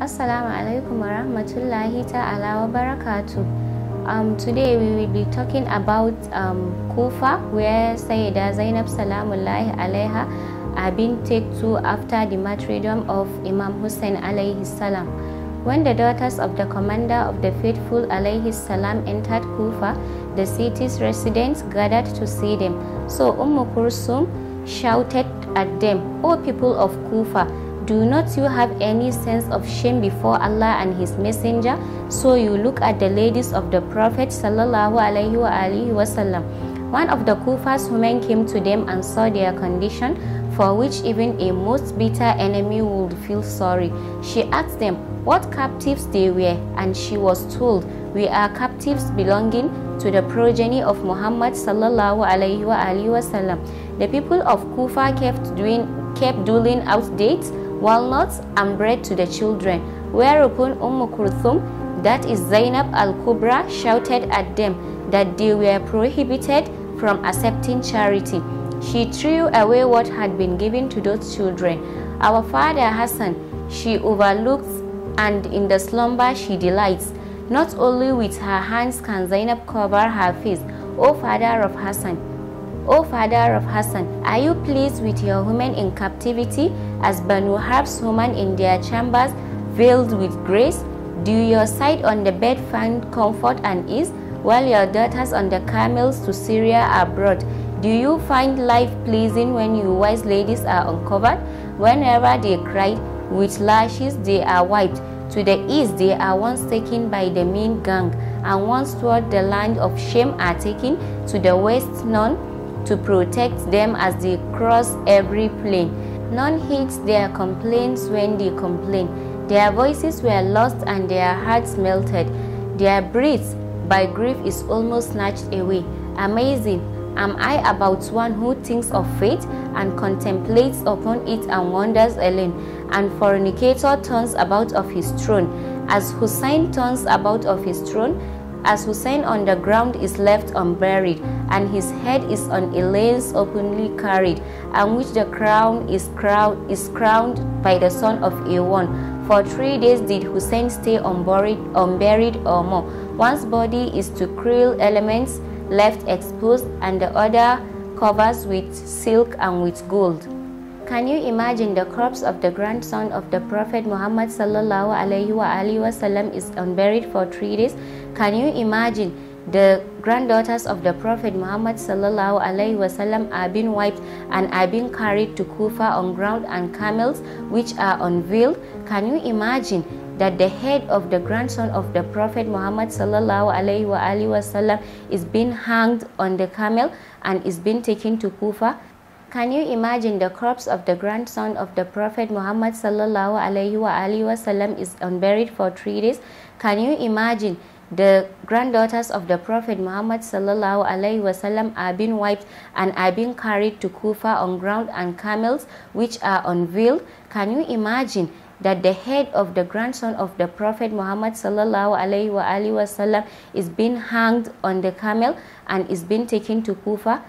Assalamu alaikum warahmatullahi ta'ala wa barakatu. Um, today we will be talking about um, Kufa where Sayyida Zainab Salamullahi alaiha had been taken to after the martyrdom of Imam Hussein alayhi salam. When the daughters of the commander of the faithful alayhi salam entered Kufa, the city's residents gathered to see them. So Umm Kursum shouted at them, O people of Kufa, Do not you have any sense of shame before Allah and His Messenger? So you look at the ladies of the Prophet wasallam. One of the Kufa's women came to them and saw their condition, for which even a most bitter enemy would feel sorry. She asked them what captives they were, and she was told, We are captives belonging to the progeny of Muhammad sallallahu alaihi wasallam. The people of Kufa kept doing kept dueling out dates walnuts and bread to the children. Whereupon Umm Kulthum, that is Zainab al-Kubra, shouted at them that they were prohibited from accepting charity. She threw away what had been given to those children. Our father Hassan, she overlooks and in the slumber she delights. Not only with her hands can Zainab cover her face, O father of Hassan, O father of Hassan, are you pleased with your women in captivity as Banu Harb's women in their chambers veiled with grace? Do your side on the bed find comfort and ease while your daughters on the camels to Syria are brought? Do you find life pleasing when you wise ladies are uncovered? Whenever they cried, with lashes they are wiped. To the east they are once taken by the main gang, and once toward the land of shame are taken, to the west none to protect them as they cross every plain. None heeds their complaints when they complain. Their voices were lost and their hearts melted. Their breath by grief is almost snatched away. Amazing! Am I about one who thinks of faith and contemplates upon it and wonders alone? And fornicator turns about of his throne, as Hussein turns about of his throne, as Hussein on the ground is left unburied, and his head is on a lance openly carried, and which the crown is crowned, is crowned by the son of Awan. For three days did Hussein stay unburied, unburied or more. One's body is to cruel elements left exposed, and the other covers with silk and with gold. Can you imagine the corpse of the grandson of the Prophet Muhammad sallallahu alaihi wasallam is unburied for three days? Can you imagine the granddaughters of the Prophet Muhammad sallallahu alaihi wasallam are being wiped and are being carried to Kufa on ground and camels which are unveiled? Can you imagine that the head of the grandson of the Prophet Muhammad sallallahu alaihi wasallam is being hanged on the camel and is being taken to Kufa? Can you imagine the corpse of the grandson of the Prophet Muhammad sallallahu alaihi wasallam is unburied for three days? Can you imagine the granddaughters of the Prophet Muhammad sallallahu alaihi wasallam are being wiped and are being carried to Kufa on ground and camels which are unveiled? Can you imagine that the head of the grandson of the Prophet Muhammad sallallahu alaihi wasallam is being hanged on the camel and is being taken to Kufa?